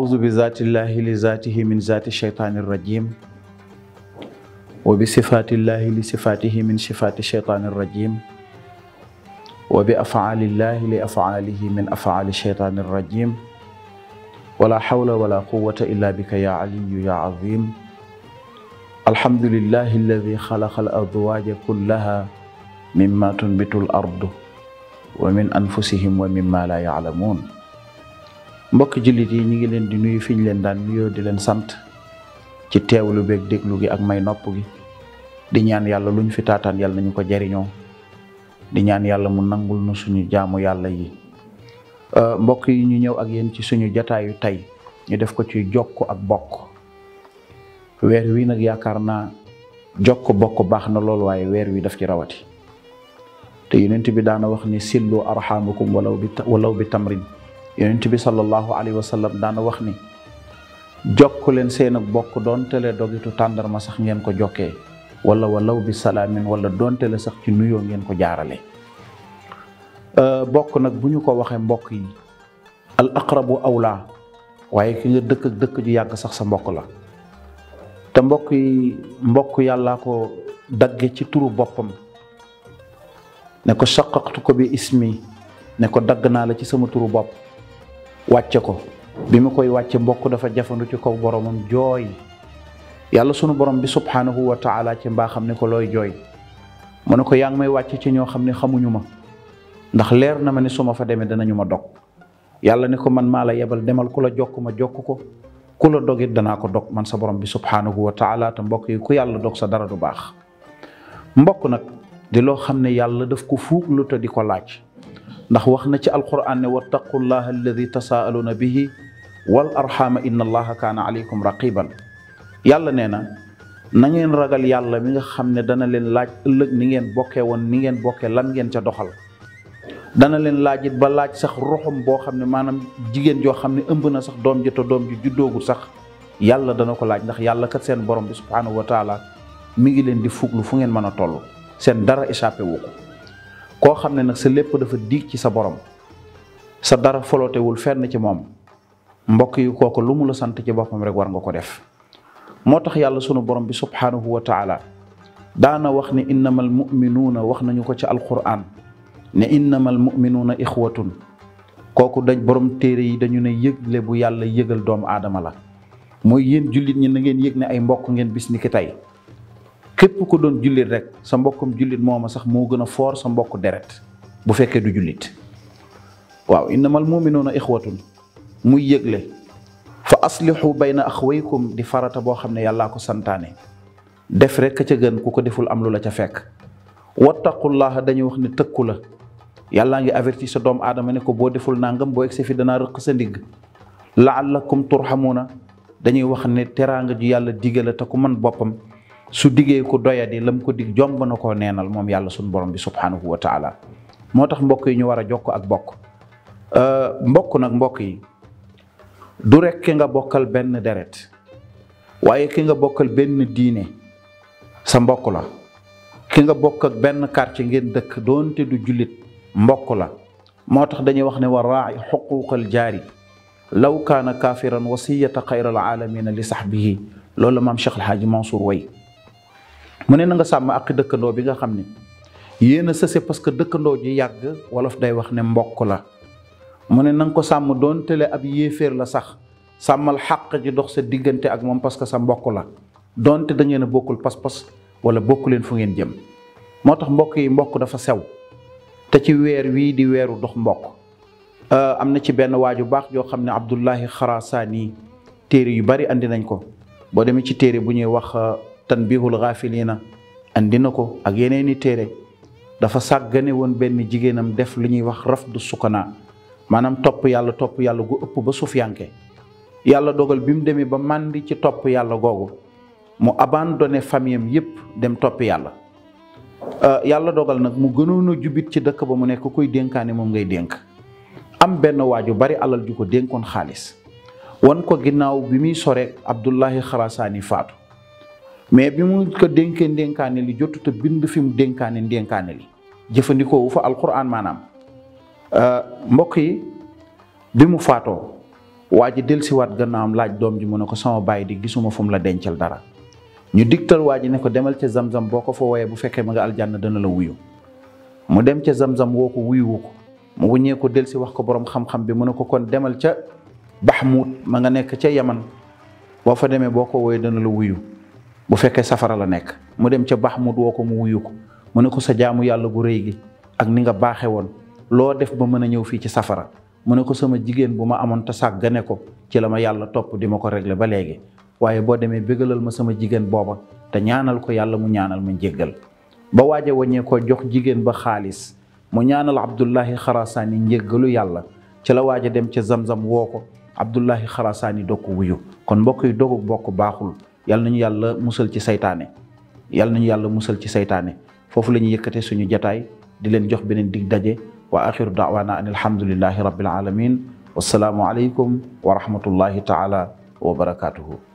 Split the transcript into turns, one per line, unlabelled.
أعوذ بذات الله لذاته من ذات الشيطان الرجيم وبصفات الله لصفاته من صفات الشيطان الرجيم وبأفعال الله لأفعاله من أفعال الشيطان الرجيم ولا حول ولا قوة إلا بك يا علي يا عظيم الحمد لله الذي خلق الأزواج كلها مما تنبت الأرض ومن أنفسهم ومما لا يعلمون mbokk jullit yi ñu ngi leen di nuyu fi ñu leen daan nuyoo di leen sant ci teewlu beeg déglu gi ak may nopp gi di ñaan yàlla luñ fi taataan yàlla nañu ko jariñoo di ñaan yàlla mu nangul na suñu jaamu yàlla yi euh, mbokk yi ñu ñëw ak yéen ci suñu jataayu tey ñu def ko ci jokk ak bokk weer wi nag yaakaar naa jokk bokk baax na lool waaye weer wi daf ci rawati te yonent bi daana wax ni sillu arxaamukum walaw bi bi tamrin yonent bi sallallahu alayhi wa sallam daana wax ni jokk leen seen ak bokk doontele dogitu tàndarma sax ngeen ko jokkee wala walaw bi salaamin wala doontele sax ci nuyoo ngeen ko jaarale euh, bokk nag bu ñu ko waxee mbokk yi al aqrabu awlaa waaye ki nga dëkk ak dëkk ju yàgg sax sa mbokk la te mbokk yi mbokk yàllaa ko dagge ci turu boppam ne ko saqaqtu ko bi ismi ne ko dagg naa la ci sama turu bopp wàcce ko bi mu koy wàcce mbokk dafa jafandu ci kaw boromam jooy yàlla sunu borom bi subhanahu wa taala ci mbaax xam ne ko looy jooy mu ne ko yaa ngi may wàcce ci ñoo xam ne xamuñu ma ndax leer na ma ne su ma fa demee danañu ma dog yàlla ne ko man maa la yebal demal ku la jokk ma jokk ko ku la dogit danaa ko dog man sa borom bi subhanahu wa taala te mbokk yi ku yàlla dog sa dara du baax mbokk nag di loo xam ne yàlla daf ko fuuglu te di ko laaj ndax wax na ci alquran ne wattaqullaha alladi tasaaluuna bihi wal arxaama inna allaha kaana aleykum raqiban yàlla nee na na ngeen ragal yàlla mi nga xam ne dana leen laaj ëllëg ni ngeen bokkee woon ni ngeen bokkee lan ngeen ca doxal dana leen laaj it ba laaj sax ruxum boo xam ne maanaam jigéen joo xam ne ëmb na sax doom ji te doom ji juddoogul sax yàlla dana ko laaj ndax yàlla kat seen borom bi subhaanahu wa taala mi ngi leen di fuglu fu ngeen mën a toll seen dara échappé wu koo xam ne nag sa lépp dafa diig ci sa borom sa dara folotewul fenn ci moom mbokk yi kooku lu mu la sant ci boppam rek war nga ko def moo tax yàlla sunu borom bi subhaanahu wa daana wax ne innamal muminuuna wax nañu ko ci alquran ne innamal muminuuna ixwatun kooku dañ borom téere yi dañu ne yëgle bu yàlla yëgal doomu aadama la mooy yéen jullit ñi na ngeen yëg ne ay mbokk ngeen bis tey képp ku doon jullit rek sa mbokkum jullit mooma sax moo gën a foor sa mbokku deret bu fekkee du jullit waaw innamal muminuuna ixwatun muy yëgle fa aslihu bayna axwaykum di farata boo xam ne yàllaa ko santaane def rek ca gën ku ko deful am lu la ca fekk wattaqullaha dañuy wax ne tëkkula la yàllaa ngi averti sa doom aadama ne ko boo deful nangam boo egsi fi danaa rëq sa ndigg laallakum turhamuuna dañuy wax ne teraanga ju yàlla digala te ku man boppam su diggee ku doyadi lam ko dig jomb na koo neenal moom yàlla sunu borom bi subhanahu wa taala moo tax mbokk yi ñu war a jokk ak bokk euh, mbokk nag mbokk yi du rek ki nga bokkal benn deret waaye ki nga bokkal benn diine sa mbokk la ki nga bokk ak benn quartier ngeen dëkk doonte du julit mbokk la moo tax dañuy wax ne wa raai jaari law kaana kaafiran wasiyata xayral aalamina li saxbihi loolu la maam Cheikh El Hadji Mansour way mu ne na nga sàmm ak dëkkandoo bi nga xam ni yéen a sëse parce que dëkkandoo ji yàgg wolof day wax ne mbokk la mu ne nanga ko sàmm doon tele ab yéeféer la sax sàmmal xàq ji dox sa diggante ak moom parce que sa mbokk la doonte da a bokkul pas-pas wala bokku leen fu ngeen jëm moo tax mbokk yi mbokk dafa sew te ci weer wii di weeru dox mbokk euh, am na ci benn waaju baax joo xam ne Abdullahi Xarasaani téere yu bari indi nañ ko boo demee ci téere bu ñuy wax euh, tanbihul ghafilina andi na ko ak yeneeni téere dafa sàggane woon benn jigéenam def lu ñuy wax du sukkanaa maanaam topp yàlla topp yàlla gu ëpp ba suuf yàlla dogal bi mu demee ba màndi ci topp yàlla googu mu abandonné famiyam yépp dem topp yàlla euh, yàlla dogal nag mu gënoon a jubit ci dëkk ba mu nekk kuy dénkaane moom ngay dénk am benn waaju bari alal ju ko dénkoon xaalis wan ko ginnaaw bi muy sore Abdullahi Xarasaani faatu mais bi mu ko dénkee ndénkaane li jotut bind fi mu dénkaane ndénkaane li jëfandikoo wu fa alquran maanaam euh, mbokk yi bi mu faatoo waa ji dellusiwaat gannaawam laaj doom ji mu ne ko sama bàyyi di gisuma fu la dencal dara ñu digtal waa ji ne ko demal ca zamzam boo ko fa wooyee bu fekkee ma nga aljanna dana la wuyu mu dem ca zamzam woo ko wuyu ko mu wuñee ko dellusi wax ko borom xam-xam bi mu ne ko kon demal ca baxmuut ma nga nekk ca yaman boo fa demee boo ko wooyee dana la wuyu bu fekkee safara la nekk mu dem ca baax mu woo ko mu wuyu ko mu ne ko sa jaamu yàlla gu rëy gi ak ni nga baaxe woon loo def ba mën a ñëw fii ci safara mu ne ko sama jigéen bu ma amoon ta sàggane ko ci la ma yàlla topp di ma ko régler ba léegi waaye boo demee bégalal ma sama jigéen booba te ñaanal ko yàlla mu ñaanal ma njéggal ba waaja waññee ko jox jigéen ba xaalis mu ñaanal abdullahi xarasaani njéggalu yàlla ci la waaja dem ca zamzam woo ko abdullahi xarasaani dokk wuyu kon mbokk yi dogu bokk baaxul yàlla nañu yàlla musal ci saytaane yàlla nañu yàlla musal ci saytaane foofu la ñuy yëkkate suñu jataay di leen jox beneen dig daje wa axiru daawaana an alhamdulillahi rabbil alamin wassalaamu aleykum wa rahmatullahi taala wa barakatuhu